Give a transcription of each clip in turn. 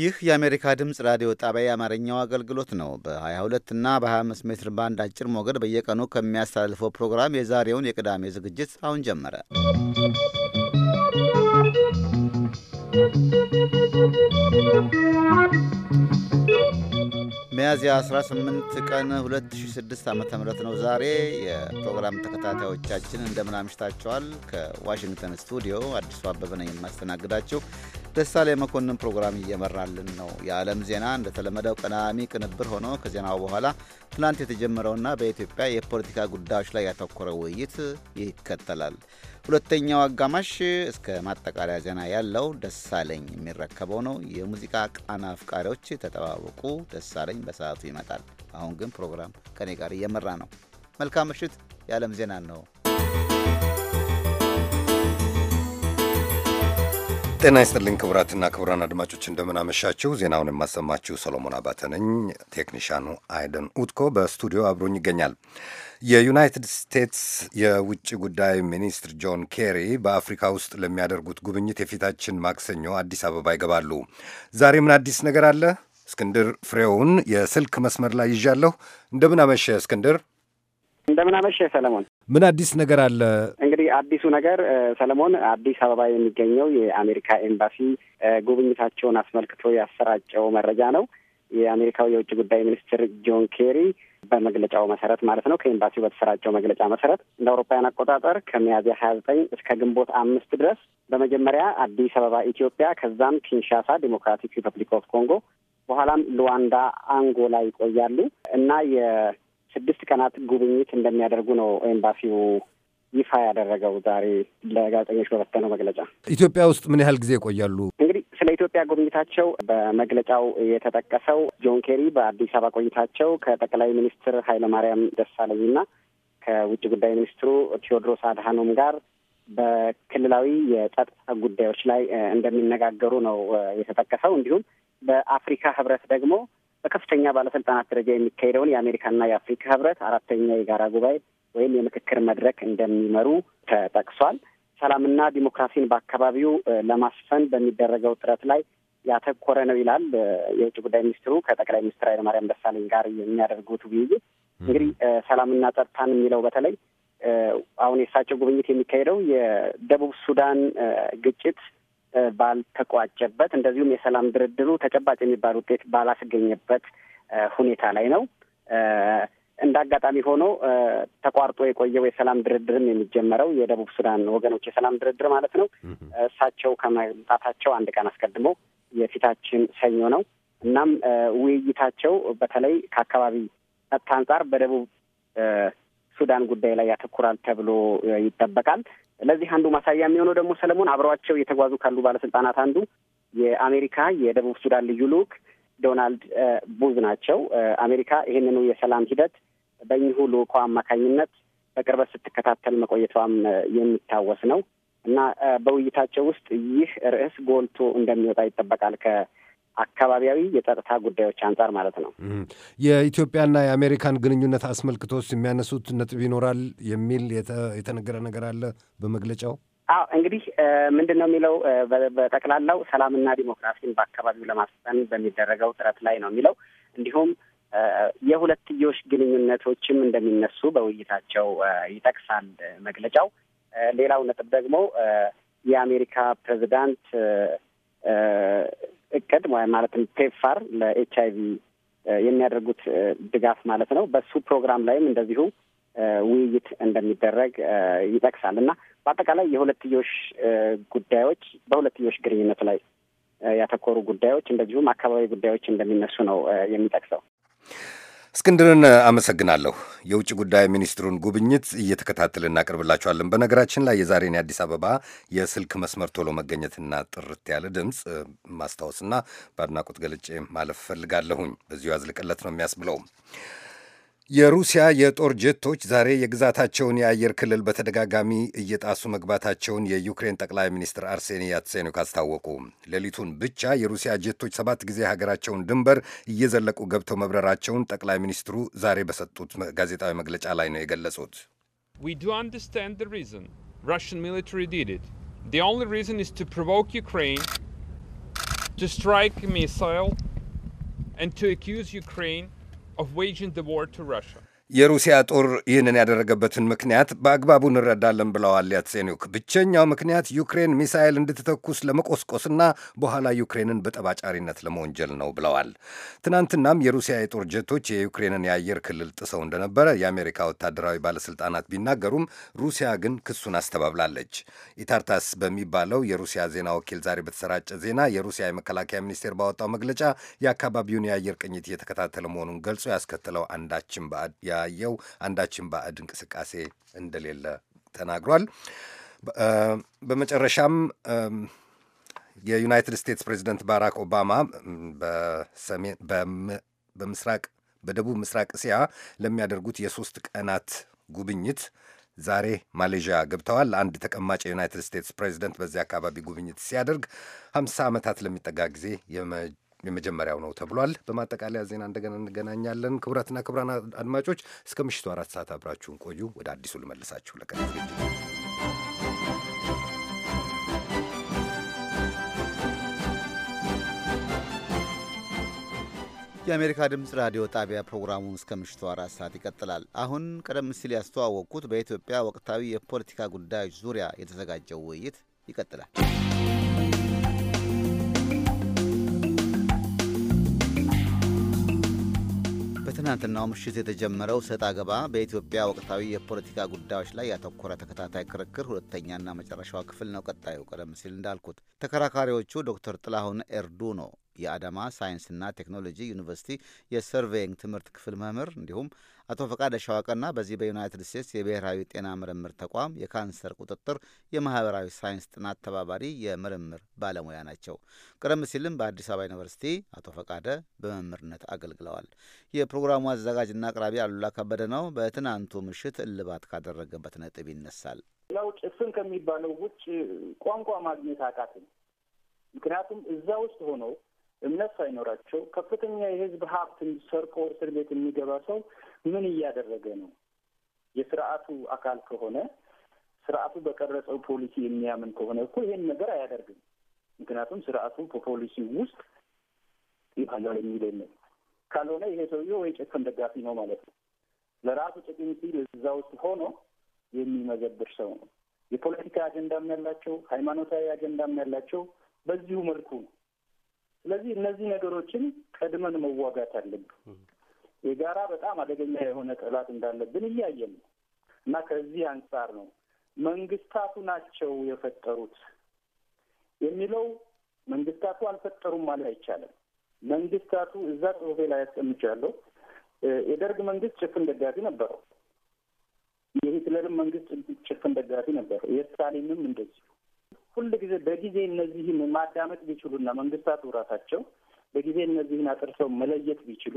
ይህ የአሜሪካ ድምፅ ራዲዮ ጣቢያ የአማርኛው አገልግሎት ነው። በ22 እና በ25 ሜትር ባንድ አጭር ሞገድ በየቀኑ ከሚያስተላልፈው ፕሮግራም የዛሬውን የቅዳሜ ዝግጅት አሁን ጀመረ። ¶¶ ሚያዝያ 18 ቀን 2006 ዓ ም ነው ዛሬ። የፕሮግራም ተከታታዮቻችን እንደምን አምሽታችኋል? ከዋሽንግተን ስቱዲዮ አዲሱ አበበ ነኝ የማስተናግዳችሁ። ደሳሌ መኮንን ፕሮግራም እየመራልን ነው። የዓለም ዜና እንደተለመደው ቀዳሚ ቅንብር ሆኖ ከዜናው በኋላ ትናንት የተጀመረውና በኢትዮጵያ የፖለቲካ ጉዳዮች ላይ ያተኮረ ውይይት ይከተላል። ሁለተኛው አጋማሽ እስከ ማጠቃለያ ዜና ያለው ደሳለኝ የሚረከበው ነው። የሙዚቃ ቃና አፍቃሪዎች ተጠባበቁ። ደሳለኝ በሰዓቱ ይመጣል። አሁን ግን ፕሮግራም ከኔ ጋር እየመራ ነው። መልካም ምሽት። የዓለም ዜና ነው። ጤና ይስጥልኝ ክቡራትና ክቡራን አድማጮች እንደምናመሻችሁ። ዜናውን የማሰማችሁ ሰሎሞን አባተ ነኝ። ቴክኒሻኑ አይደን ኡትኮ በስቱዲዮ አብሮኝ ይገኛል። የዩናይትድ ስቴትስ የውጭ ጉዳይ ሚኒስትር ጆን ኬሪ በአፍሪካ ውስጥ ለሚያደርጉት ጉብኝት የፊታችን ማክሰኞ አዲስ አበባ ይገባሉ። ዛሬ ምን አዲስ ነገር አለ? እስክንድር ፍሬውን የስልክ መስመር ላይ ይዣለሁ። እንደምን አመሸ እስክንድር። እንደምን አመሸህ ሰለሞን። ምን አዲስ ነገር አለ? እንግዲህ አዲሱ ነገር ሰለሞን፣ አዲስ አበባ የሚገኘው የአሜሪካ ኤምባሲ ጉብኝታቸውን አስመልክቶ ያሰራጨው መረጃ ነው። የአሜሪካው የውጭ ጉዳይ ሚኒስትር ጆን ኬሪ በመግለጫው መሰረት ማለት ነው ከኤምባሲው በተሰራጨው መግለጫ መሰረት እንደ አውሮፓውያን አቆጣጠር ከሚያዝያ ሀያ ዘጠኝ እስከ ግንቦት አምስት ድረስ በመጀመሪያ አዲስ አበባ ኢትዮጵያ፣ ከዛም ኪንሻሳ ዲሞክራቲክ ሪፐብሊክ ኦፍ ኮንጎ፣ በኋላም ሉዋንዳ አንጎላ ይቆያሉ እና ስድስት ቀናት ጉብኝት እንደሚያደርጉ ነው ኤምባሲው ይፋ ያደረገው ዛሬ ለጋዜጠኞች በበተነው መግለጫ። ኢትዮጵያ ውስጥ ምን ያህል ጊዜ ይቆያሉ? እንግዲህ ስለ ኢትዮጵያ ጉብኝታቸው በመግለጫው የተጠቀሰው ጆን ኬሪ በአዲስ አበባ ቆይታቸው ከጠቅላይ ሚኒስትር ኃይለማርያም ደሳለኝና ከውጭ ጉዳይ ሚኒስትሩ ቴዎድሮስ አድሃኖም ጋር በክልላዊ የጸጥታ ጉዳዮች ላይ እንደሚነጋገሩ ነው የተጠቀሰው። እንዲሁም በአፍሪካ ህብረት ደግሞ በከፍተኛ ባለስልጣናት ደረጃ የሚካሄደውን የአሜሪካና የአፍሪካ ህብረት አራተኛ የጋራ ጉባኤ ወይም የምክክር መድረክ እንደሚመሩ ተጠቅሷል። ሰላምና ዲሞክራሲን በአካባቢው ለማስፈን በሚደረገው ጥረት ላይ ያተኮረ ነው ይላል የውጭ ጉዳይ ሚኒስትሩ ከጠቅላይ ሚኒስትር ኃይለማርያም ደሳለኝ ጋር የሚያደርጉት ውይይት። እንግዲህ ሰላምና ጸጥታን የሚለው በተለይ አሁን የእሳቸው ጉብኝት የሚካሄደው የደቡብ ሱዳን ግጭት ባልተቋጨበት እንደዚሁም የሰላም ድርድሩ ተጨባጭ የሚባል ውጤት ባላስገኘበት ሁኔታ ላይ ነው። እንደ አጋጣሚ ሆኖ ተቋርጦ የቆየው የሰላም ድርድርም የሚጀመረው የደቡብ ሱዳን ወገኖች የሰላም ድርድር ማለት ነው። እሳቸው ከመምጣታቸው አንድ ቀን አስቀድሞ የፊታችን ሰኞ ነው። እናም ውይይታቸው በተለይ ከአካባቢ ጸጥታ አንጻር በደቡብ ሱዳን ጉዳይ ላይ ያተኩራል ተብሎ ይጠበቃል። ለዚህ አንዱ ማሳያ የሚሆነው ደግሞ ሰለሞን አብረዋቸው እየተጓዙ ካሉ ባለስልጣናት አንዱ የአሜሪካ የደቡብ ሱዳን ልዩ ልዑክ ዶናልድ ቡዝ ናቸው። አሜሪካ ይህንኑ የሰላም ሂደት በእኚሁ ልዑኳ አማካኝነት በቅርበት ስትከታተል መቆየቷም የሚታወስ ነው እና በውይይታቸው ውስጥ ይህ ርዕስ ጎልቶ እንደሚወጣ ይጠበቃል ከ አካባቢያዊ የጸጥታ ጉዳዮች አንጻር ማለት ነው። የኢትዮጵያና የአሜሪካን ግንኙነት አስመልክቶስ የሚያነሱት ነጥብ ይኖራል የሚል የተነገረ ነገር አለ በመግለጫው። አዎ እንግዲህ ምንድን ነው የሚለው በጠቅላላው ሰላምና ዲሞክራሲን በአካባቢው ለማስፈን በሚደረገው ጥረት ላይ ነው የሚለው እንዲሁም የሁለትዮሽ ግንኙነቶችም እንደሚነሱ በውይይታቸው ይጠቅሳል መግለጫው። ሌላው ነጥብ ደግሞ የአሜሪካ ፕሬዚዳንት እቅድ ማለትም ፔፕፋር ለኤች አይቪ የሚያደርጉት ድጋፍ ማለት ነው። በሱ ፕሮግራም ላይም እንደዚሁ ውይይት እንደሚደረግ ይጠቅሳል እና በአጠቃላይ የሁለትዮሽ ጉዳዮች በሁለትዮሽ ግንኙነት ላይ ያተኮሩ ጉዳዮች እንደዚሁም አካባቢ ጉዳዮች እንደሚነሱ ነው የሚጠቅሰው። እስክንድርን አመሰግናለሁ። የውጭ ጉዳይ ሚኒስትሩን ጉብኝት እየተከታተል እናቀርብላችኋለን። በነገራችን ላይ የዛሬን የአዲስ አበባ የስልክ መስመር ቶሎ መገኘትና ጥርት ያለ ድምፅ ማስታወስና በአድናቆት ገልጬ ማለፍ ፈልጋለሁኝ። በዚሁ ያዝልቅለት ነው የሚያስብለው። የሩሲያ የጦር ጀቶች ዛሬ የግዛታቸውን የአየር ክልል በተደጋጋሚ እየጣሱ መግባታቸውን የዩክሬን ጠቅላይ ሚኒስትር አርሴኒ ያትሴኒክ አስታወቁ። ሌሊቱን ብቻ የሩሲያ ጀቶች ሰባት ጊዜ ሀገራቸውን ድንበር እየዘለቁ ገብተው መብረራቸውን ጠቅላይ ሚኒስትሩ ዛሬ በሰጡት ጋዜጣዊ መግለጫ ላይ ነው የገለጹት። ዩክሬን of waging the war to Russia. የሩሲያ ጦር ይህንን ያደረገበትን ምክንያት በአግባቡ እንረዳለን ብለዋል ያትሴኒክ። ብቸኛው ምክንያት ዩክሬን ሚሳይል እንድትተኩስ ለመቆስቆስና በኋላ ዩክሬንን በጠባጫሪነት ለመወንጀል ነው ብለዋል። ትናንትናም የሩሲያ የጦር ጀቶች የዩክሬንን የአየር ክልል ጥሰው እንደነበረ የአሜሪካ ወታደራዊ ባለስልጣናት ቢናገሩም ሩሲያ ግን ክሱን አስተባብላለች። ኢታርታስ በሚባለው የሩሲያ ዜና ወኪል ዛሬ በተሰራጨ ዜና የሩሲያ የመከላከያ ሚኒስቴር ባወጣው መግለጫ የአካባቢውን የአየር ቅኝት እየተከታተለ መሆኑን ገልጾ ያስከተለው አንዳችም የሚያለያየው አንዳችን ባዕድ እንቅስቃሴ እንደሌለ ተናግሯል። በመጨረሻም የዩናይትድ ስቴትስ ፕሬዚደንት ባራክ ኦባማ በምስራቅ በደቡብ ምስራቅ እስያ ለሚያደርጉት የሶስት ቀናት ጉብኝት ዛሬ ማሌዥያ ገብተዋል። አንድ ተቀማጭ የዩናይትድ ስቴትስ ፕሬዚደንት በዚያ አካባቢ ጉብኝት ሲያደርግ 50 ዓመታት ለሚጠጋ ጊዜ የመጀመሪያው ነው ተብሏል። በማጠቃለያ ዜና እንደገና እንገናኛለን። ክቡራትና ክቡራን አድማጮች እስከ ምሽቱ አራት ሰዓት አብራችሁን ቆዩ። ወደ አዲሱ ልመልሳችሁ ለቀ የአሜሪካ ድምፅ ራዲዮ ጣቢያ ፕሮግራሙን እስከ ምሽቱ አራት ሰዓት ይቀጥላል። አሁን ቀደም ሲል ያስተዋወቅኩት በኢትዮጵያ ወቅታዊ የፖለቲካ ጉዳዮች ዙሪያ የተዘጋጀው ውይይት ይቀጥላል። በትናንትናው ምሽት የተጀመረው ሰጥ አገባ በኢትዮጵያ ወቅታዊ የፖለቲካ ጉዳዮች ላይ ያተኮረ ተከታታይ ክርክር ሁለተኛና መጨረሻዋ ክፍል ነው። ቀጣዩ ቀደም ሲል እንዳልኩት ተከራካሪዎቹ ዶክተር ጥላሁን ኤርዱኖ የአዳማ ሳይንስና ቴክኖሎጂ ዩኒቨርሲቲ የሰርቬይንግ ትምህርት ክፍል መምህር እንዲሁም አቶ ፈቃደ ሻዋቀና በዚህ በዩናይትድ ስቴትስ የብሔራዊ ጤና ምርምር ተቋም የካንሰር ቁጥጥር የማህበራዊ ሳይንስ ጥናት ተባባሪ የምርምር ባለሙያ ናቸው። ቀደም ሲልም በአዲስ አበባ ዩኒቨርሲቲ አቶ ፈቃደ በመምህርነት አገልግለዋል። የፕሮግራሙ አዘጋጅና አቅራቢ አሉላ ከበደ ነው። በትናንቱ ምሽት እልባት ካደረገበት ነጥብ ይነሳል። ያው ጭፍን ከሚባለው ውጭ ቋንቋ ማግኘት አቃትን። ምክንያቱም እዛ ውስጥ ሆነው እምነት ሳይኖራቸው ከፍተኛ የህዝብ ሀብት ሰርቆ እስር ቤት የሚገባ ሰው ምን እያደረገ ነው? የስርዓቱ አካል ከሆነ ስርዓቱ በቀረጸው ፖሊሲ የሚያምን ከሆነ እኮ ይሄን ነገር አያደርግም። ምክንያቱም ስርዓቱ በፖሊሲ ውስጥ ይባላል የሚል ነው። ካልሆነ ይሄ ሰውዬ ወይ ጭፍን ደጋፊ ነው ማለት ነው። ለራሱ ጥቅም ሲል እዛ ውስጥ ሆኖ የሚመዘብር ሰው ነው። የፖለቲካ አጀንዳም ያላቸው ሃይማኖታዊ አጀንዳም ያላቸው በዚሁ መልኩ ነው። ስለዚህ እነዚህ ነገሮችን ቀድመን መዋጋት አለብን። የጋራ በጣም አደገኛ የሆነ ጠላት እንዳለብን እያየን ነው እና ከዚህ አንጻር ነው መንግስታቱ ናቸው የፈጠሩት የሚለው መንግስታቱ አልፈጠሩም ማለት አይቻልም። መንግስታቱ እዛ ጽሁፌ ላይ ያስቀምጫለሁ። የደርግ መንግስት ጭፍን ደጋፊ ነበረው። የሂትለርም መንግስት ጭፍን ደጋፊ ነበረው። የስታሊንም እንደዚሁ ሁል ጊዜ በጊዜ እነዚህን ማዳመጥ ቢችሉና መንግስታቱ ራሳቸው በጊዜ እነዚህን አጥርሰው መለየት ቢችሉ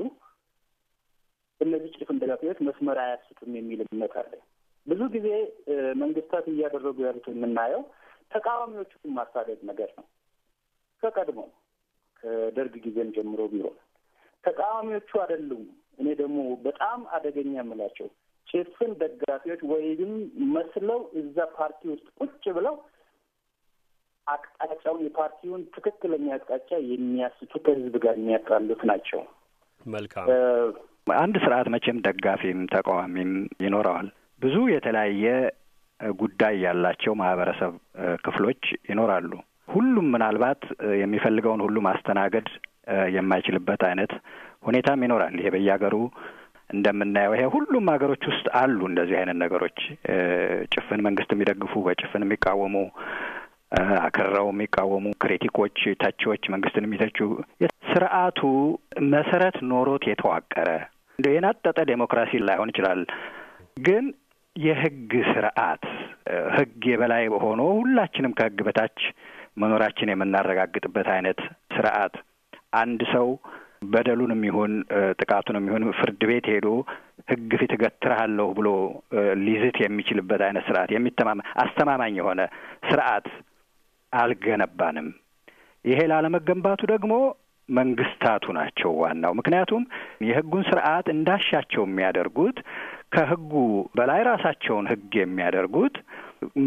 እነዚህ ጭፍን ደጋፊዎች መስመር አያስቱም የሚል እምነት አለ። ብዙ ጊዜ መንግስታት እያደረጉ ያሉት የምናየው ተቃዋሚዎቹን ማሳደድ ነገር ነው። ከቀድሞ ከደርግ ጊዜም ጀምሮ ቢሆን ተቃዋሚዎቹ አይደሉም። እኔ ደግሞ በጣም አደገኛ የምላቸው ጭፍን ደጋፊዎች ወይም መስለው እዛ ፓርቲ ውስጥ ቁጭ ብለው አቅጣጫውን የፓርቲውን ትክክለኛ አቅጣጫ የሚያስቱ ከህዝብ ጋር የሚያጣሉት ናቸው። መልካም አንድ ስርዓት መቼም ደጋፊም ተቃዋሚም ይኖረዋል። ብዙ የተለያየ ጉዳይ ያላቸው ማህበረሰብ ክፍሎች ይኖራሉ። ሁሉም ምናልባት የሚፈልገውን ሁሉ ማስተናገድ የማይችልበት አይነት ሁኔታም ይኖራል። ይሄ በየሀገሩ እንደምናየው ይሄ ሁሉም ሀገሮች ውስጥ አሉ እንደዚህ አይነት ነገሮች። ጭፍን መንግስት የሚደግፉ በጭፍን የሚቃወሙ አክራው የሚቃወሙ ክሪቲኮች፣ ተቺዎች፣ መንግስትን የሚተቹ ስርዓቱ መሰረት ኖሮት የተዋቀረ እንደ የናጠጠ ዴሞክራሲ ላይሆን ይችላል ግን የህግ ስርዓት ህግ የበላይ ሆኖ ሁላችንም ከህግ በታች መኖራችን የምናረጋግጥበት አይነት ስርዓት አንድ ሰው በደሉንም ይሁን ጥቃቱንም ይሁን ፍርድ ቤት ሄዶ ህግ ፊት እገትርሃለሁ ብሎ ሊዝት የሚችልበት አይነት ስርዓት የሚተማመን አስተማማኝ የሆነ ስርዓት አልገነባንም። ይሄ ላለመገንባቱ ደግሞ መንግስታቱ ናቸው ዋናው። ምክንያቱም የህጉን ስርዓት እንዳሻቸው የሚያደርጉት ከህጉ በላይ ራሳቸውን ህግ የሚያደርጉት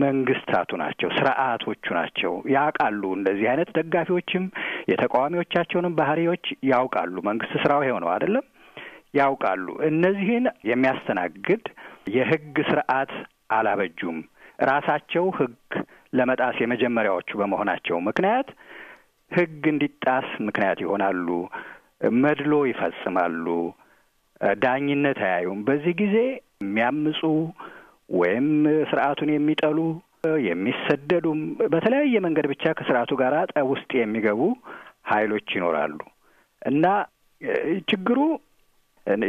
መንግስታቱ ናቸው፣ ስርዓቶቹ ናቸው። ያውቃሉ። እንደዚህ አይነት ደጋፊዎችም የተቃዋሚዎቻቸውንም ባህሪዎች ያውቃሉ። መንግስት ስራው ይኸው ነው አይደለም? ያውቃሉ። እነዚህን የሚያስተናግድ የህግ ስርዓት አላበጁም። ራሳቸው ህግ ለመጣስ የመጀመሪያዎቹ በመሆናቸው ምክንያት ሕግ እንዲጣስ ምክንያት ይሆናሉ። መድሎ ይፈጽማሉ። ዳኝነት አያዩም። በዚህ ጊዜ የሚያምፁ ወይም ስርዓቱን የሚጠሉ የሚሰደዱም በተለያየ መንገድ ብቻ ከስርዓቱ ጋር ጠብ ውስጥ የሚገቡ ኃይሎች ይኖራሉ እና ችግሩ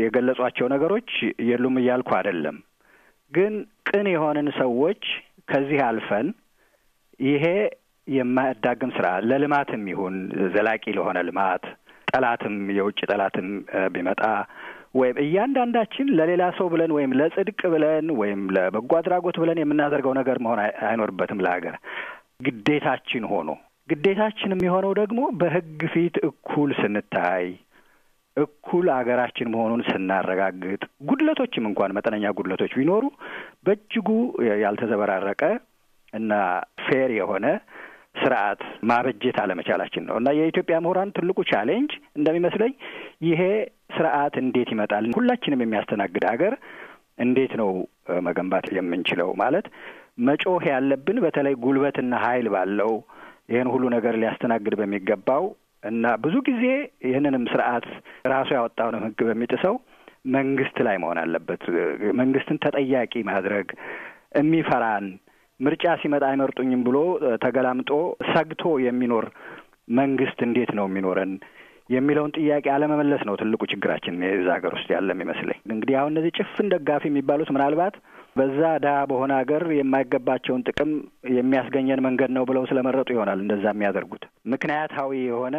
የገለጿቸው ነገሮች የሉም እያልኩ አይደለም። ግን ቅን የሆንን ሰዎች ከዚህ አልፈን ይሄ የማያዳግም ስራ ለልማትም ይሁን ዘላቂ ለሆነ ልማት ጠላትም የውጭ ጠላትም ቢመጣ ወይም እያንዳንዳችን ለሌላ ሰው ብለን ወይም ለጽድቅ ብለን ወይም ለበጎ አድራጎት ብለን የምናደርገው ነገር መሆን አይኖርበትም። ለሀገር ግዴታችን ሆኖ ግዴታችን የሚሆነው ደግሞ በህግ ፊት እኩል ስንታይ እኩል አገራችን መሆኑን ስናረጋግጥ ጉድለቶችም እንኳን መጠነኛ ጉድለቶች ቢኖሩ በእጅጉ ያልተዘበራረቀ እና ፌር የሆነ ስርዓት ማበጀት አለመቻላችን ነው እና የኢትዮጵያ ምሁራን ትልቁ ቻሌንጅ እንደሚመስለኝ ይሄ ስርዓት እንዴት ይመጣል፣ ሁላችንም የሚያስተናግድ ሀገር እንዴት ነው መገንባት የምንችለው? ማለት መጮህ ያለብን በተለይ ጉልበትና ኃይል ባለው ይህን ሁሉ ነገር ሊያስተናግድ በሚገባው እና ብዙ ጊዜ ይህንንም ስርዓት ራሱ ያወጣውንም ህግ በሚጥሰው መንግስት ላይ መሆን አለበት። መንግስትን ተጠያቂ ማድረግ የሚፈራን ምርጫ ሲመጣ አይመርጡኝም ብሎ ተገላምጦ ሰግቶ የሚኖር መንግስት እንዴት ነው የሚኖረን የሚለውን ጥያቄ አለመመለስ ነው ትልቁ ችግራችን የዛ ሀገር ውስጥ ያለ የሚመስለኝ። እንግዲህ አሁን እነዚህ ጭፍን ደጋፊ የሚባሉት ምናልባት በዛ ድሀ በሆነ ሀገር የማይገባቸውን ጥቅም የሚያስገኘን መንገድ ነው ብለው ስለመረጡ ይሆናል እንደዛ የሚያደርጉት። ምክንያታዊ የሆነ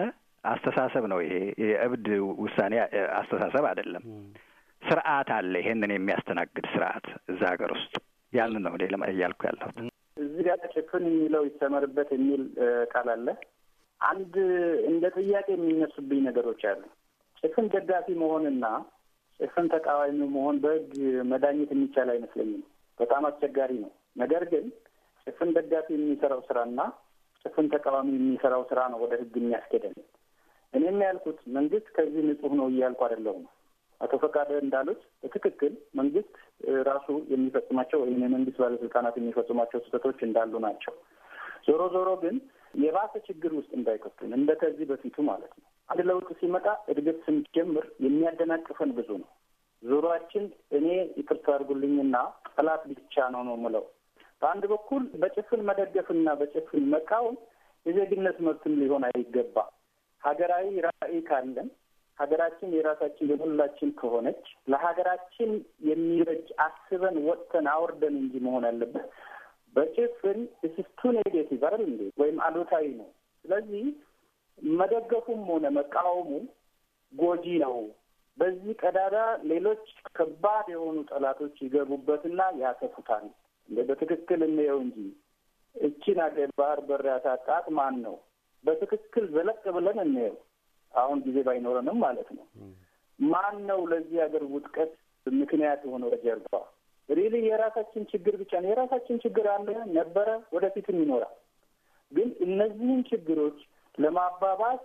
አስተሳሰብ ነው ይሄ። የእብድ ውሳኔ አስተሳሰብ አይደለም። ስርዓት አለ፣ ይሄንን የሚያስተናግድ ስርዓት እዛ ሀገር ውስጥ ያን ነው ለማ እያልኩ ያለሁት። እዚህ ጋር ተጨክን የሚለው ይሰመርበት የሚል ቃል አለ። አንድ እንደ ጥያቄ የሚነሱብኝ ነገሮች አሉ። ጭፍን ደጋፊ መሆንና ጭፍን ተቃዋሚ መሆን በህግ መዳኘት የሚቻል አይመስለኝም። በጣም አስቸጋሪ ነው። ነገር ግን ጭፍን ደጋፊ የሚሰራው ስራና ጭፍን ተቃዋሚ የሚሰራው ስራ ነው ወደ ህግ የሚያስኬደን። እኔ የሚያልኩት መንግስት ከዚህ ንጹህ ነው እያልኩ አይደለሁም። አቶ ፈቃደ እንዳሉት በትክክል መንግስት ራሱ የሚፈጽማቸው ወይም የመንግስት ባለስልጣናት የሚፈጽሟቸው ስህተቶች እንዳሉ ናቸው። ዞሮ ዞሮ ግን የባሰ ችግር ውስጥ እንዳይከቱን እንደ ከዚህ በፊቱ ማለት ነው። አንድ ለውጥ ሲመጣ እድገት ስንጀምር የሚያደናቅፈን ብዙ ነው። ዙሯችን እኔ ይቅርታ አድርጉልኝና ጠላት ብቻ ነው ነው ምለው። በአንድ በኩል በጭፍን መደገፍና በጭፍን መቃወም የዜግነት መብትም ሊሆን አይገባ። ሀገራዊ ራዕይ ካለን ሀገራችን የራሳችን የሁላችን ከሆነች ለሀገራችን የሚበጅ አስበን ወጥተን አውርደን እንጂ መሆን አለበት። በጭፍን እስስቱ ኔጌቲቭ አይደል እንዴ? ወይም አሉታዊ ነው። ስለዚህ መደገፉም ሆነ መቃወሙ ጎጂ ነው። በዚህ ቀዳዳ ሌሎች ከባድ የሆኑ ጠላቶች ይገቡበትና ያሰፉታል። እንደ በትክክል እንየው እንጂ እቺን ሀገር ባህር በር ያሳጣት ማን ነው? በትክክል ዘለቅ ብለን እንየው። አሁን ጊዜ ባይኖረንም ማለት ነው። ማን ነው ለዚህ ሀገር ውጥቀት ምክንያት የሆነው ጀርባ? ሪሊ የራሳችን ችግር ብቻ ነው። የራሳችን ችግር አለ፣ ነበረ፣ ወደፊትም ይኖራል። ግን እነዚህን ችግሮች ለማባባስ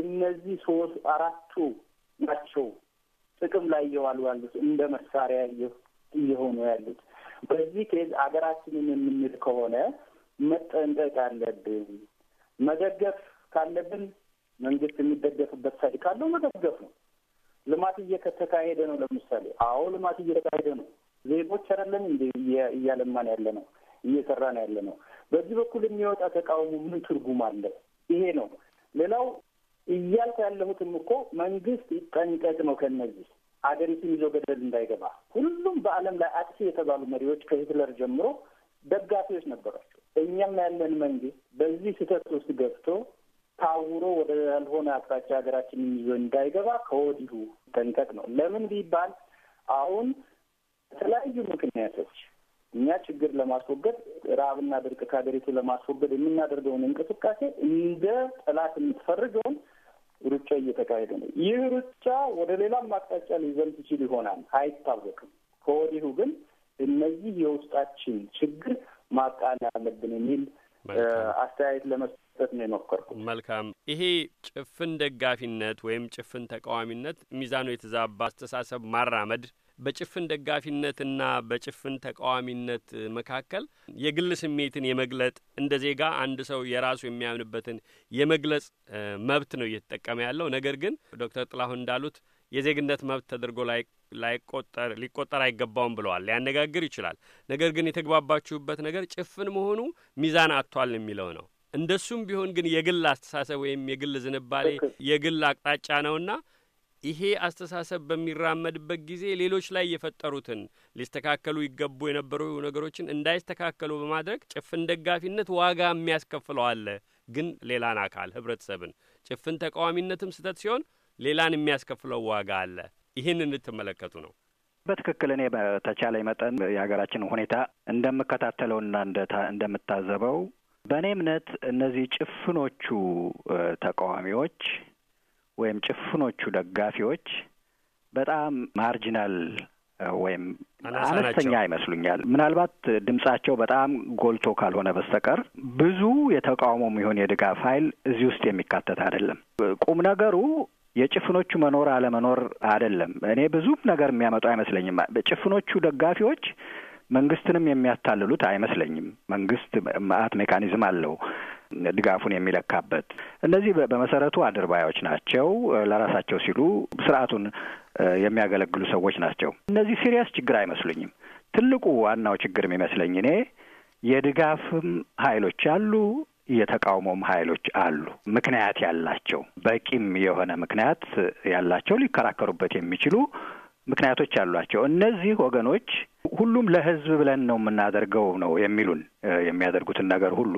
እነዚህ ሶስት አራቱ ናቸው ጥቅም ላይ እየዋሉ ያሉት እንደ መሳሪያ እየሆኑ ያሉት። በዚህ ኬዝ ሀገራችንን የምንል ከሆነ መጠንቀቅ አለብን። መደገፍ ካለብን መንግስት የሚደገፍበት ሳይድ ካለው መደገፍ ነው። ልማት እየተካሄደ ነው። ለምሳሌ አዎ፣ ልማት እየተካሄደ ነው። ዜጎች አይደለን እንደ እያለማን ያለ ነው እየሰራ ነው ያለ ነው። በዚህ በኩል የሚወጣ ተቃውሞ ምን ትርጉም አለ? ይሄ ነው። ሌላው እያልኩ ያለሁትም እኮ መንግስት ጠንቀቅ ነው ከነዚህ አገሪቱን ይዞ ገደል እንዳይገባ። ሁሉም በዓለም ላይ አጥፊ የተባሉ መሪዎች ከሂትለር ጀምሮ ደጋፊዎች ነበራቸው። እኛም ያለን መንግስት በዚህ ስህተት ውስጥ ገብቶ ታውሮ ወደ ያልሆነ አቅጣጫ ሀገራችን ይዞ እንዳይገባ ከወዲሁ ጠንቀቅ ነው። ለምን ቢባል አሁን በተለያዩ ምክንያቶች እኛ ችግር ለማስወገድ ረሀብና ድርቅ ከሀገሪቱ ለማስወገድ የምናደርገውን እንቅስቃሴ እንደ ጠላት የምትፈርገውን ሩጫ እየተካሄደ ነው። ይህ ሩጫ ወደ ሌላም አቅጣጫ ሊዘምት ይችል ይሆናል አይታወቅም። ከወዲሁ ግን እነዚህ የውስጣችን ችግር ማቃለል አለብን የሚል አስተያየት ለመስ ለመስጠት ነው የሞከርኩት። መልካም። ይሄ ጭፍን ደጋፊነት ወይም ጭፍን ተቃዋሚነት ሚዛኑ የተዛባ አስተሳሰብ ማራመድ በጭፍን ደጋፊነትና በጭፍን ተቃዋሚነት መካከል የግል ስሜትን የመግለጥ እንደ ዜጋ አንድ ሰው የራሱ የሚያምንበትን የመግለጽ መብት ነው እየተጠቀመ ያለው። ነገር ግን ዶክተር ጥላሁን እንዳሉት የዜግነት መብት ተደርጎ ላይቆጠር ሊቆጠር አይገባውም ብለዋል። ሊያነጋግር ይችላል። ነገር ግን የተግባባችሁበት ነገር ጭፍን መሆኑ ሚዛን አጥቷል የሚለው ነው። እንደሱም ቢሆን ግን የግል አስተሳሰብ ወይም የግል ዝንባሌ የግል አቅጣጫ ነውና ይሄ አስተሳሰብ በሚራመድበት ጊዜ ሌሎች ላይ የፈጠሩትን ሊስተካከሉ ይገቡ የነበሩ ነገሮችን እንዳይስተካከሉ በማድረግ ጭፍን ደጋፊነት ዋጋ የሚያስከፍለው አለ። ግን ሌላን አካል ህብረተሰብን፣ ጭፍን ተቃዋሚነትም ስህተት ሲሆን ሌላን የሚያስከፍለው ዋጋ አለ። ይህን እንድትመለከቱ ነው። በትክክል እኔ በተቻለ መጠን የሀገራችን ሁኔታ እንደምከታተለውና እንደምታዘበው በእኔ እምነት እነዚህ ጭፍኖቹ ተቃዋሚዎች ወይም ጭፍኖቹ ደጋፊዎች በጣም ማርጂናል ወይም አነስተኛ ይመስሉኛል። ምናልባት ድምጻቸው በጣም ጎልቶ ካልሆነ በስተቀር ብዙ የተቃውሞ የሚሆን የድጋፍ ኃይል እዚህ ውስጥ የሚካተት አይደለም። ቁም ነገሩ የጭፍኖቹ መኖር አለመኖር አይደለም። እኔ ብዙም ነገር የሚያመጡ አይመስለኝም። ጭፍኖቹ ደጋፊዎች መንግስትንም የሚያታልሉት አይመስለኝም። መንግስት መአት ሜካኒዝም አለው ድጋፉን የሚለካበት። እነዚህ በመሰረቱ አድርባዮች ናቸው። ለራሳቸው ሲሉ ስርዓቱን የሚያገለግሉ ሰዎች ናቸው። እነዚህ ሲሪያስ ችግር አይመስሉኝም። ትልቁ ዋናው ችግር የሚመስለኝ እኔ የድጋፍም ሀይሎች አሉ የተቃውሞም ሀይሎች አሉ። ምክንያት ያላቸው በቂም የሆነ ምክንያት ያላቸው ሊከራከሩበት የሚችሉ ምክንያቶች አሏቸው። እነዚህ ወገኖች ሁሉም ለህዝብ ብለን ነው የምናደርገው ነው የሚሉን የሚያደርጉትን ነገር ሁሉ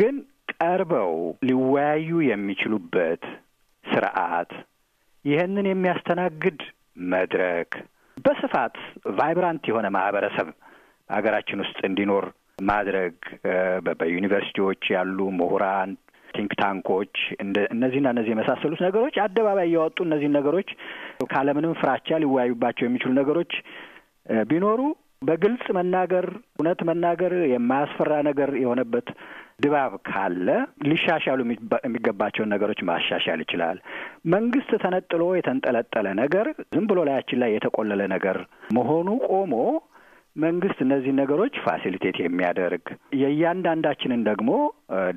ግን ቀርበው ሊወያዩ የሚችሉበት ስርዓት ይህንን የሚያስተናግድ መድረክ በስፋት ቫይብራንት የሆነ ማህበረሰብ ሀገራችን ውስጥ እንዲኖር ማድረግ በዩኒቨርሲቲዎች ያሉ ምሁራን፣ ቲንክ ታንኮች እነዚህና እነዚህ የመሳሰሉት ነገሮች አደባባይ እያወጡ እነዚህን ነገሮች ካለምንም ፍራቻ ሊወያዩባቸው የሚችሉ ነገሮች ቢኖሩ በግልጽ መናገር፣ እውነት መናገር የማያስፈራ ነገር የሆነበት ድባብ ካለ ሊሻሻሉ የሚገባቸውን ነገሮች ማሻሻል ይችላል። መንግስት ተነጥሎ የተንጠለጠለ ነገር ዝም ብሎ ላያችን ላይ የተቆለለ ነገር መሆኑ ቆሞ መንግስት እነዚህ ነገሮች ፋሲሊቴት የሚያደርግ የእያንዳንዳችንን ደግሞ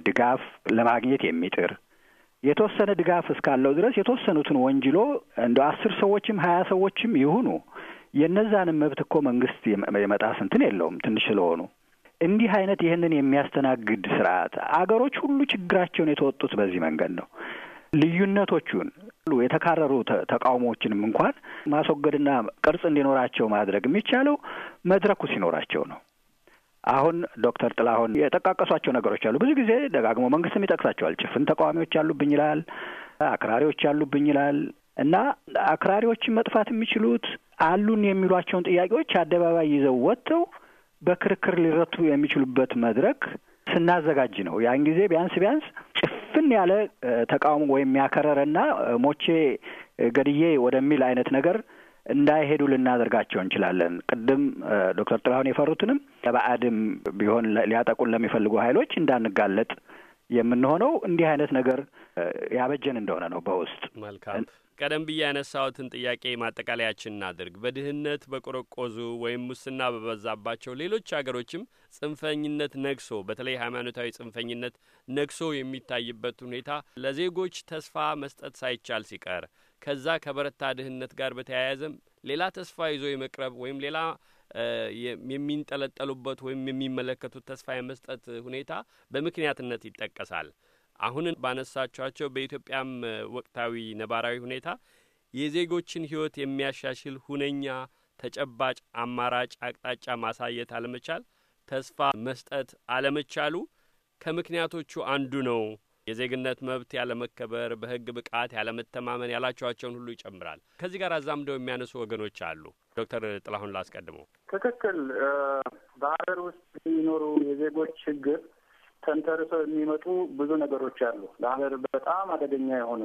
ድጋፍ ለማግኘት የሚጥር የተወሰነ ድጋፍ እስካለው ድረስ የተወሰኑትን ወንጅሎ እንደ አስር ሰዎችም ሀያ ሰዎችም ይሁኑ የእነዛንም መብት እኮ መንግስት የመጣስ እንትን የለውም ትንሽ ስለሆኑ እንዲህ አይነት ይህንን የሚያስተናግድ ስርዓት አገሮች ሁሉ ችግራቸውን የተወጡት በዚህ መንገድ ነው። ልዩነቶቹን የተካረሩ ተቃውሞዎችንም እንኳን ማስወገድና ቅርጽ እንዲኖራቸው ማድረግ የሚቻለው መድረኩ ሲኖራቸው ነው። አሁን ዶክተር ጥላሁን የጠቃቀሷቸው ነገሮች አሉ። ብዙ ጊዜ ደጋግሞ መንግስትም ይጠቅሳቸዋል። ጭፍን ተቃዋሚዎች አሉብኝ ይላል። አክራሪዎች አሉብኝ ይላል እና አክራሪዎችን መጥፋት የሚችሉት አሉን የሚሏቸውን ጥያቄዎች አደባባይ ይዘው ወጥተው በክርክር ሊረቱ የሚችሉበት መድረክ ስናዘጋጅ ነው። ያን ጊዜ ቢያንስ ቢያንስ ጭፍን ያለ ተቃውሞ ወይም ያከረረና ሞቼ ገድዬ ወደሚል አይነት ነገር እንዳይሄዱ ልናደርጋቸው እንችላለን። ቅድም ዶክተር ጥላሁን የፈሩትንም ለባዕድም ቢሆን ሊያጠቁን ለሚፈልጉ ኃይሎች እንዳንጋለጥ የምንሆነው እንዲህ አይነት ነገር ያበጀን እንደሆነ ነው። በውስጥ መልካም ቀደም ብዬ ያነሳሁትን ጥያቄ ማጠቃለያችን እናድርግ። በድህነት በቆረቆዙ ወይም ሙስና በበዛባቸው ሌሎች አገሮችም ጽንፈኝነት ነግሶ፣ በተለይ ሃይማኖታዊ ጽንፈኝነት ነግሶ የሚታይበት ሁኔታ ለዜጎች ተስፋ መስጠት ሳይቻል ሲቀር ከዛ ከበረታ ድህነት ጋር በተያያዘም ሌላ ተስፋ ይዞ የመቅረብ ወይም ሌላ የሚንጠለጠሉበት ወይም የሚመለከቱት ተስፋ የመስጠት ሁኔታ በምክንያትነት ይጠቀሳል። አሁን ባነሳቸኋቸው በኢትዮጵያም ወቅታዊ ነባራዊ ሁኔታ የዜጎችን ህይወት የሚያሻሽል ሁነኛ ተጨባጭ አማራጭ አቅጣጫ ማሳየት አለመቻል፣ ተስፋ መስጠት አለመቻሉ ከምክንያቶቹ አንዱ ነው። የዜግነት መብት ያለመከበር፣ በህግ ብቃት ያለመተማመን ያላቸኋቸውን ሁሉ ይጨምራል። ከዚህ ጋር አዛምደው የሚያነሱ ወገኖች አሉ። ዶክተር ጥላሁን ላስቀድመው። ትክክል። በሀገር ውስጥ የሚኖሩ የዜጎች ችግር ተንተርሰው የሚመጡ ብዙ ነገሮች አሉ። ለሀገር በጣም አደገኛ የሆኑ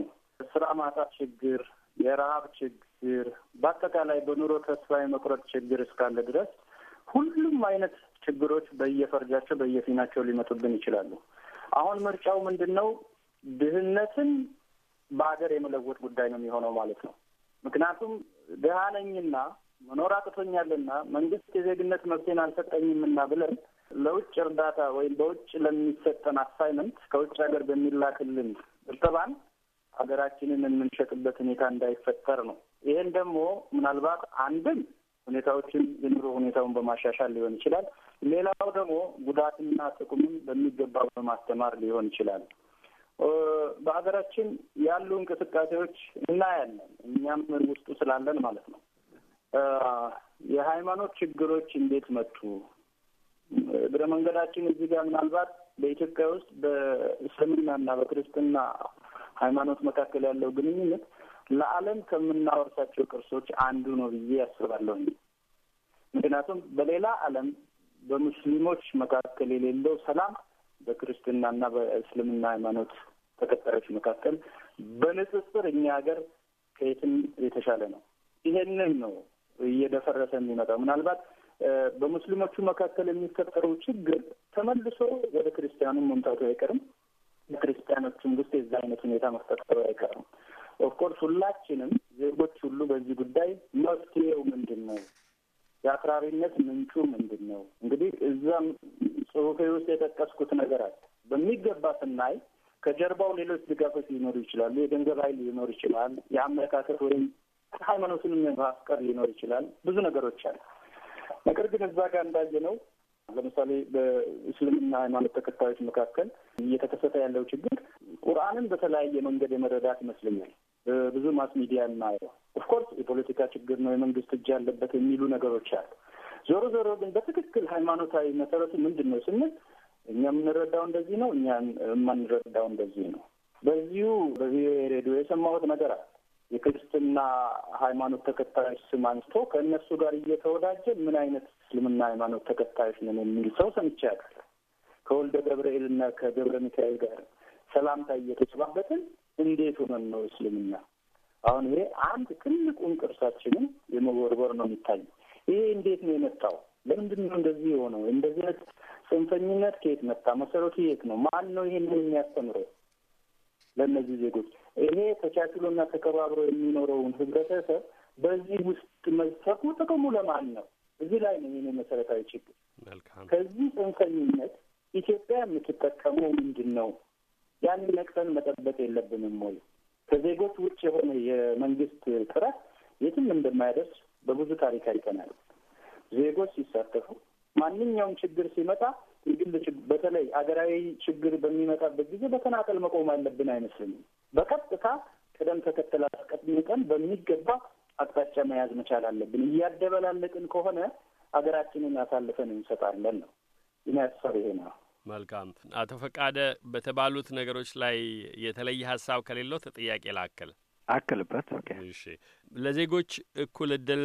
ስራ ማጣት ችግር፣ የረሀብ ችግር፣ በአጠቃላይ በኑሮ ተስፋ የመቁረጥ ችግር እስካለ ድረስ ሁሉም አይነት ችግሮች በየፈርጃቸው በየፊናቸው ሊመጡብን ይችላሉ። አሁን ምርጫው ምንድን ነው? ድህነትን በሀገር የመለወጥ ጉዳይ ነው የሚሆነው ማለት ነው። ምክንያቱም ድሃ ነኝና መኖር አቅቶኛልና መንግስት የዜግነት መብቴን አልሰጠኝምና ብለን ለውጭ እርዳታ ወይም በውጭ ለሚሰጠን አሳይመንት ከውጭ ሀገር በሚላክልን እርጥባን ሀገራችንን የምንሸጥበት ሁኔታ እንዳይፈጠር ነው። ይህን ደግሞ ምናልባት አንድም ሁኔታዎችን የኑሮ ሁኔታውን በማሻሻል ሊሆን ይችላል። ሌላው ደግሞ ጉዳትና ጥቅሙን በሚገባ በማስተማር ሊሆን ይችላል። በሀገራችን ያሉ እንቅስቃሴዎች እናያለን፣ እኛም ውስጡ ስላለን ማለት ነው። የሃይማኖት ችግሮች እንዴት መጡ? እግረ መንገዳችን እዚህ ጋር ምናልባት በኢትዮጵያ ውስጥ በእስልምናና በክርስትና ሃይማኖት መካከል ያለው ግንኙነት ለዓለም ከምናወርሳቸው ቅርሶች አንዱ ነው ብዬ ያስባለሁ። ምክንያቱም በሌላ ዓለም በሙስሊሞች መካከል የሌለው ሰላም በክርስትናና በእስልምና ሃይማኖት ተከታዮች መካከል በንጽጽር እኛ ሀገር ከየትም የተሻለ ነው። ይሄንን ነው እየደፈረሰ የሚመጣው ምናልባት በሙስሊሞቹ መካከል የሚፈጠረው ችግር ተመልሶ ወደ ክርስቲያኑ መምጣቱ አይቀርም። በክርስቲያኖቹም ውስጥ የዛ አይነት ሁኔታ መፈጠሩ አይቀርም። ኦፍኮርስ ሁላችንም ዜጎች ሁሉ በዚህ ጉዳይ መፍትሄው ምንድን ነው? የአክራሪነት ምንጩ ምንድን ነው? እንግዲህ እዛም ጽሁፌ ውስጥ የጠቀስኩት ነገር አለ። በሚገባ ስናይ ከጀርባው ሌሎች ድጋፎች ሊኖሩ ይችላሉ። የገንዘብ ኃይል ሊኖር ይችላል። የአመለካከት ወይም ሃይማኖትን ማፍቀር ሊኖር ይችላል። ብዙ ነገሮች አሉ። ነገር ግን እዛ ጋር ነው ለምሳሌ በእስልምና ሃይማኖት ተከታዮች መካከል እየተከሰተ ያለው ችግር ቁርአንን በተለያየ መንገድ የመረዳት ይመስለኛል። ብዙ ማስ ሚዲያ እናየው። ኦፍኮርስ የፖለቲካ ችግር ነው፣ የመንግስት እጅ ያለበት የሚሉ ነገሮች አሉ። ዞሮ ዞሮ ግን በትክክል ሃይማኖታዊ መሰረቱ ምንድን ነው ስንል እኛ የምንረዳው እንደዚህ ነው፣ እኛ የማንረዳው እንደዚህ ነው። በዚሁ በቪኦኤ ሬዲዮ የሰማሁት ነገር አለ። የክርስትና ሃይማኖት ተከታዮች ስም አንስቶ ከእነሱ ጋር እየተወዳጀ ምን አይነት እስልምና ሃይማኖት ተከታዮች ነን የሚል ሰው ሰምቼ አውቃለሁ። ከወልደ ና ከገብረ ሚካኤል ጋር ሰላምታ እየተጨባበትን እንዴት ሆነን ነው እስልምና? አሁን ይሄ አንድ ትልቁን ቅርሳችንን የመወርወር ነው የሚታይ። ይሄ እንዴት ነው የመጣው? ለምንድን ነው እንደዚህ የሆነው? እንደዚህ አይነት ጽንፈኝነት ከየት መጣ? መሰረቱ የት ነው? ማን ነው ይሄንን የሚያስተምረው ለእነዚህ ዜጎች? ይሄ ተቻችሎና ተከባብሮ የሚኖረውን ህብረተሰብ በዚህ ውስጥ መዝፈቁ ጥቅሙ ለማን ነው? እዚህ ላይ ነው የኔ መሰረታዊ ችግር። ከዚህ ጽንፈኝነት ኢትዮጵያ የምትጠቀመው ምንድን ነው? ያን ነቅሰን መጠበቅ የለብንም ወይ? ከዜጎች ውጭ የሆነ የመንግስት ጥረት የትም እንደማያደርስ በብዙ ታሪክ አይተናል። ዜጎች ሲሳተፉ ማንኛውም ችግር ሲመጣ የግል በተለይ አገራዊ ችግር በሚመጣበት ጊዜ በተናጠል መቆም አለብን አይመስለኝም። በቀጥታ ቅደም ተከተል አስቀምጠን በሚገባ አቅጣጫ መያዝ መቻል አለብን። እያደበላለቅን ከሆነ ሀገራችንን አሳልፈን እንሰጣለን ነው እኔ ሀሳብ ይሄ ነው። መልካም አቶ ፈቃደ፣ በተባሉት ነገሮች ላይ የተለየ ሀሳብ ከሌለው ተጠያቄ ላክል። አክልበት እሺ። ለዜጎች እኩል እድል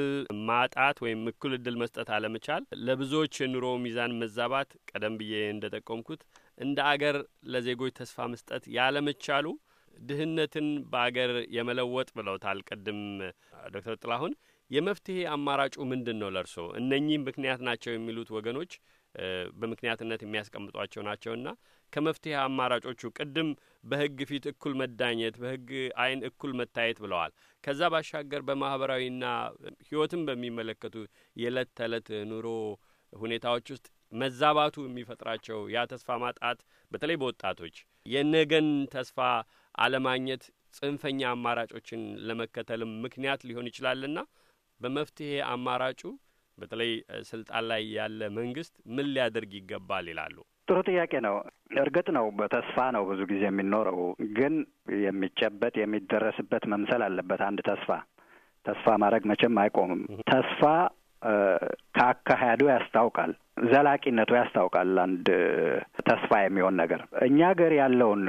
ማጣት ወይም እኩል እድል መስጠት አለመቻል ለብዙዎች የኑሮ ሚዛን መዛባት፣ ቀደም ብዬ እንደጠቆምኩት እንደ አገር ለዜጎች ተስፋ መስጠት ያለመቻሉ ድህነትን በአገር የመለወጥ ብለውታል ቅድም ዶክተር ጥላሁን። የመፍትሄ አማራጩ ምንድን ነው ለእርስዎ? እነኚህ ምክንያት ናቸው የሚሉት ወገኖች በምክንያትነት የሚያስቀምጧቸው ናቸውና ከመፍትሄ አማራጮቹ ቅድም በህግ ፊት እኩል መዳኘት፣ በህግ አይን እኩል መታየት ብለዋል። ከዛ ባሻገር በማህበራዊና ህይወትን በሚመለከቱ የዕለት ተዕለት ኑሮ ሁኔታዎች ውስጥ መዛባቱ የሚፈጥራቸው ያ ተስፋ ማጣት በተለይ በወጣቶች የነገን ተስፋ አለማግኘት ጽንፈኛ አማራጮችን ለመከተልም ምክንያት ሊሆን ይችላልና በመፍትሄ አማራጩ በተለይ ስልጣን ላይ ያለ መንግስት ምን ሊያደርግ ይገባል ይላሉ። ጥሩ ጥያቄ ነው። እርግጥ ነው በተስፋ ነው ብዙ ጊዜ የሚኖረው፣ ግን የሚጨበጥ የሚደረስበት መምሰል አለበት። አንድ ተስፋ ተስፋ ማድረግ መቼም አይቆምም። ተስፋ ከአካሄዱ ያስታውቃል፣ ዘላቂነቱ ያስታውቃል። አንድ ተስፋ የሚሆን ነገር እኛ ገር ያለውን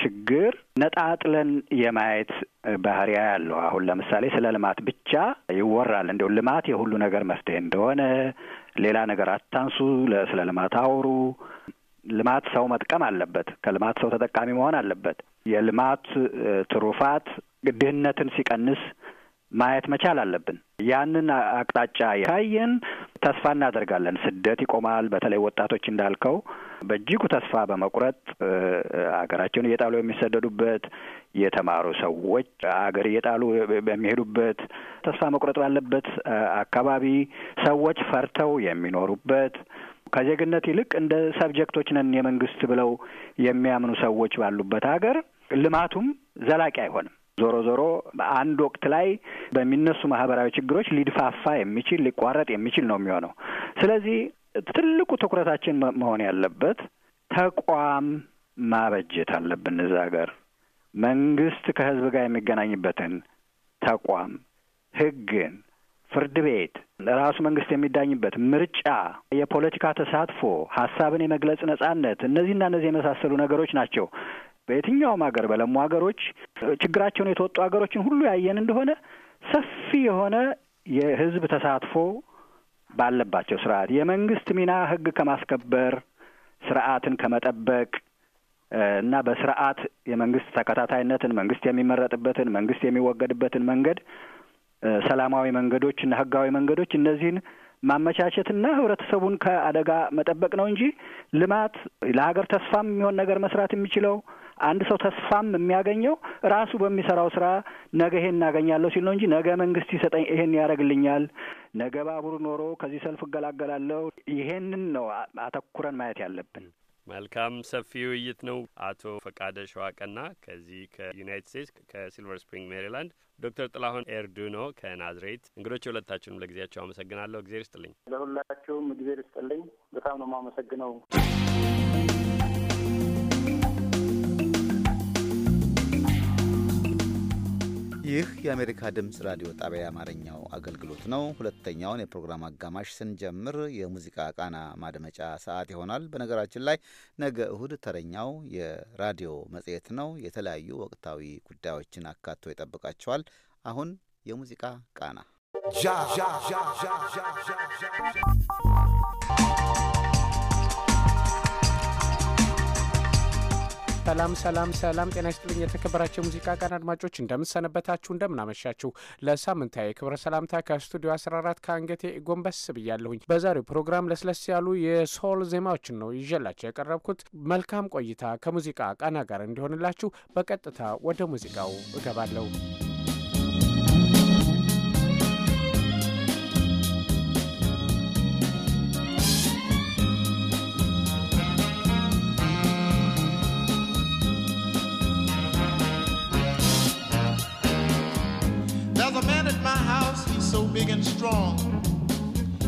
ችግር ነጣጥለን የማየት ባህሪያ ያለው አሁን ለምሳሌ ስለ ልማት ብቻ ይወራል። እንዲሁ ልማት የሁሉ ነገር መፍትሄ እንደሆነ ሌላ ነገር አታንሱ፣ ስለ ልማት አውሩ፣ ልማት ሰው መጥቀም አለበት። ከልማት ሰው ተጠቃሚ መሆን አለበት። የልማት ትሩፋት ድህነትን ሲቀንስ ማየት መቻል አለብን። ያንን አቅጣጫ ካየን ተስፋ እናደርጋለን። ስደት ይቆማል። በተለይ ወጣቶች እንዳልከው በእጅጉ ተስፋ በመቁረጥ አገራቸውን እየጣሉ የሚሰደዱበት የተማሩ ሰዎች አገር እየጣሉ በሚሄዱበት ተስፋ መቁረጥ ባለበት አካባቢ ሰዎች ፈርተው የሚኖሩበት ከዜግነት ይልቅ እንደ ሰብጀክቶች ነን የመንግስት ብለው የሚያምኑ ሰዎች ባሉበት ሀገር ልማቱም ዘላቂ አይሆንም። ዞሮ ዞሮ በአንድ ወቅት ላይ በሚነሱ ማህበራዊ ችግሮች ሊድፋፋ የሚችል ሊቋረጥ የሚችል ነው የሚሆነው። ስለዚህ ትልቁ ትኩረታችን መሆን ያለበት ተቋም ማበጀት አለብን። እዛ ሀገር መንግስት ከህዝብ ጋር የሚገናኝበትን ተቋም ህግን ፍርድ ቤት ራሱ መንግስት የሚዳኝበት ምርጫ፣ የፖለቲካ ተሳትፎ፣ ሀሳብን የመግለጽ ነጻነት፣ እነዚህና እነዚህ የመሳሰሉ ነገሮች ናቸው። በየትኛውም ሀገር በለሙ ሀገሮች ችግራቸውን የተወጡ ሀገሮችን ሁሉ ያየን እንደሆነ ሰፊ የሆነ የህዝብ ተሳትፎ ባለባቸው ስርዓት የመንግስት ሚና ህግ ከማስከበር ስርዓትን ከመጠበቅ እና በስርዓት የመንግስት ተከታታይነትን መንግስት የሚመረጥበትን መንግስት የሚወገድበትን መንገድ ሰላማዊ መንገዶችና ህጋዊ መንገዶች እነዚህን ማመቻቸትና ህብረተሰቡን ከአደጋ መጠበቅ ነው እንጂ ልማት ለሀገር ተስፋም የሚሆን ነገር መስራት የሚችለው አንድ ሰው ተስፋም የሚያገኘው ራሱ በሚሰራው ስራ ነገ ይሄን እናገኛለሁ ሲል ነው እንጂ ነገ መንግስት ይሰጠኝ ይሄን ያደርግልኛል፣ ነገ ባቡር ኖሮ ከዚህ ሰልፍ እገላገላለሁ፣ ይሄንን ነው አተኩረን ማየት ያለብን። መልካም ሰፊ ውይይት ነው። አቶ ፈቃደ ሸዋቀና ከዚህ ከዩናይትድ ስቴትስ ከሲልቨር ስፕሪንግ ሜሪላንድ፣ ዶክተር ጥላሁን ኤርዱኖ ከናዝሬት እንግዶች፣ ሁለታችሁንም ለጊዜያቸው አመሰግናለሁ። እግዜር ይስጥልኝ። ለሁላችሁም እግዜር ይስጥልኝ። በጣም ነው የማመሰግነው። ይህ የአሜሪካ ድምፅ ራዲዮ ጣቢያ የአማርኛው አገልግሎት ነው። ሁለተኛውን የፕሮግራም አጋማሽ ስንጀምር የሙዚቃ ቃና ማድመጫ ሰዓት ይሆናል። በነገራችን ላይ ነገ እሁድ ተረኛው የራዲዮ መጽሔት ነው። የተለያዩ ወቅታዊ ጉዳዮችን አካቶ ይጠብቃቸዋል። አሁን የሙዚቃ ቃና ሰላም ሰላም ሰላም፣ ጤና ይስጥልኝ የተከበራቸው የሙዚቃ ቀን አድማጮች እንደምንሰነበታችሁ፣ እንደምናመሻችሁ። ለሳምንታዊ የክብረ ሰላምታ ከስቱዲዮ 14 ከአንገቴ ጎንበስ ብያለሁኝ። በዛሬው ፕሮግራም ለስለስ ያሉ የሶል ዜማዎችን ነው ይዤላቸው የቀረብኩት። መልካም ቆይታ ከሙዚቃ ቃና ጋር እንዲሆንላችሁ በቀጥታ ወደ ሙዚቃው እገባለሁ። big and strong.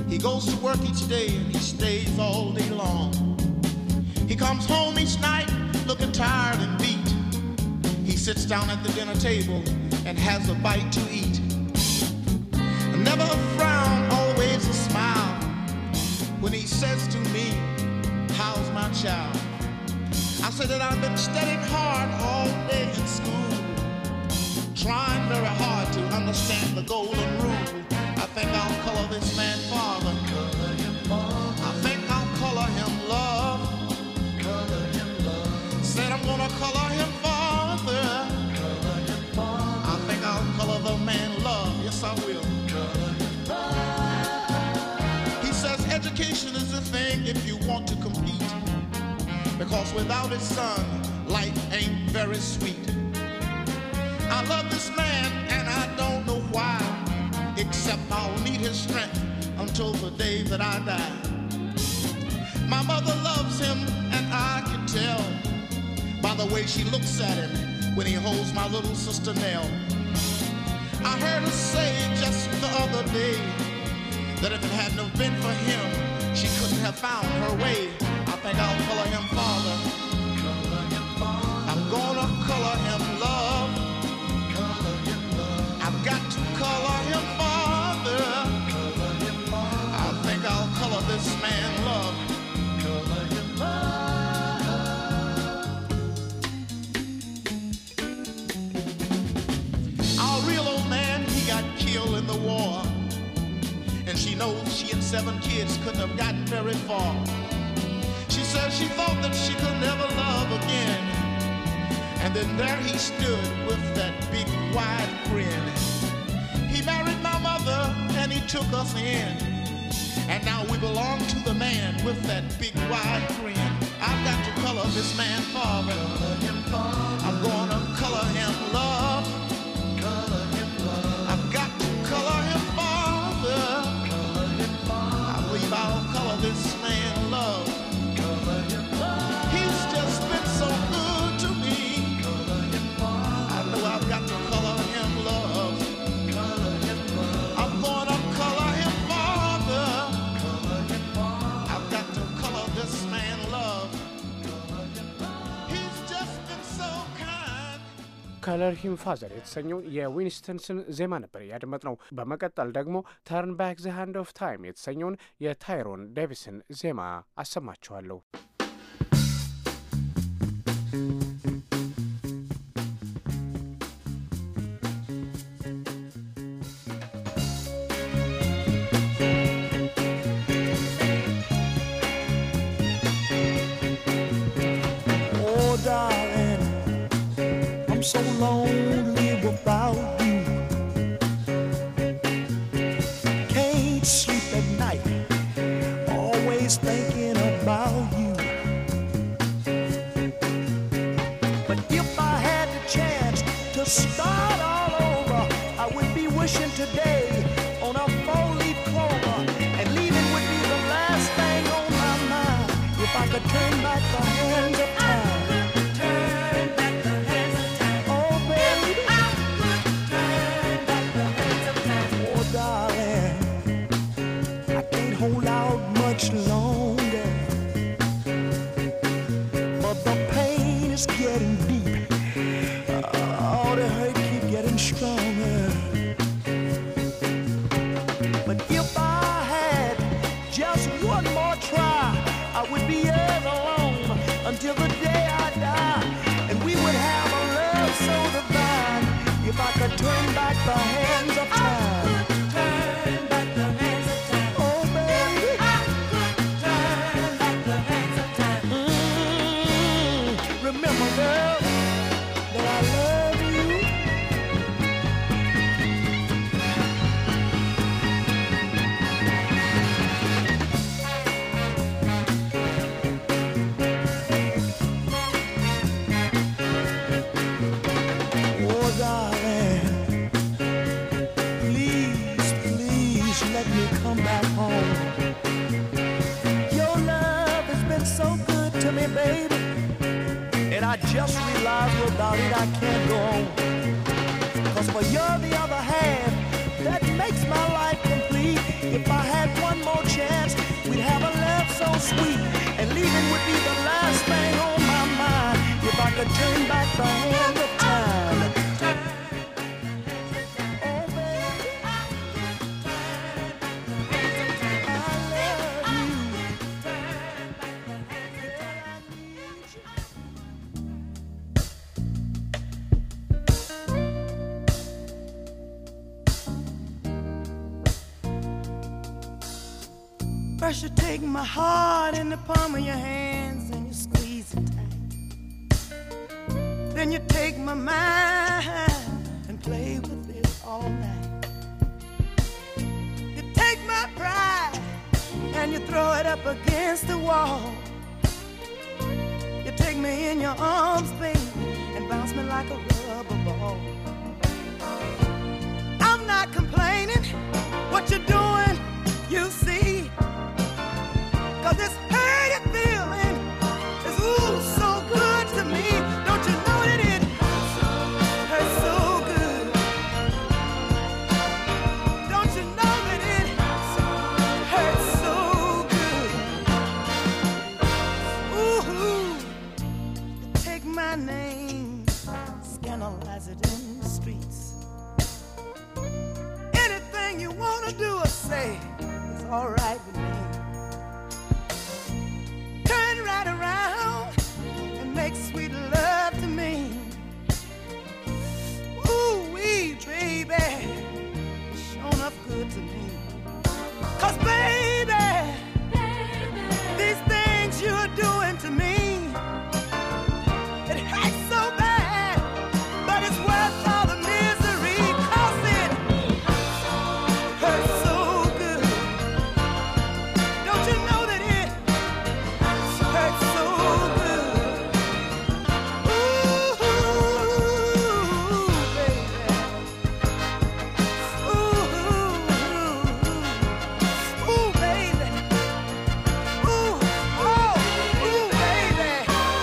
He goes to work each day and he stays all day long. He comes home each night looking tired and beat. He sits down at the dinner table and has a bite to eat. Never a frown, always a smile. When he says to me, How's my child? I say that I've been studying hard all day in school, trying very hard to understand the golden rule. I think I'll color this man father. I think I'll color him love. Said I'm gonna color him father. I think I'll color the man love. Yes, I will. He says education is a thing if you want to compete. Because without his son, life ain't very sweet. I love this man and I don't know why except I'll need his strength until the day that I die. My mother loves him, and I can tell by the way she looks at him when he holds my little sister Nell. I heard her say just the other day that if it hadn't been for him, she couldn't have found her way. I think I'll follow him far. she knows she and seven kids couldn't have gotten very far. She says she thought that she could never love again. And then there he stood with that big wide grin. He married my mother and he took us in. And now we belong to the man with that big wide grin. I've got to color this man father. I'm gonna color him love. ከለር ሂም ፋዘር የተሰኘውን የዊንስተንስን ዜማ ነበር እያደመጥ ነው። በመቀጠል ደግሞ ተርን ባክ ዘ ሃንድ ኦፍ ታይም የተሰኘውን የታይሮን ዴቪስን ዜማ አሰማችኋለሁ። just realize without it I can't go on. Cause for you're the other half that makes my life complete. If I had one more chance, we'd have a love so sweet. And leaving would be the last thing on my mind. If I could turn back the hand. should take my heart in the palm of your hands and you squeeze it tight. Then you take my mind and play with it all night. You take my pride and you throw it up against the wall. You take me in your arms, baby, and bounce me like a rubber ball. I'm not complaining. What you're doing, you see.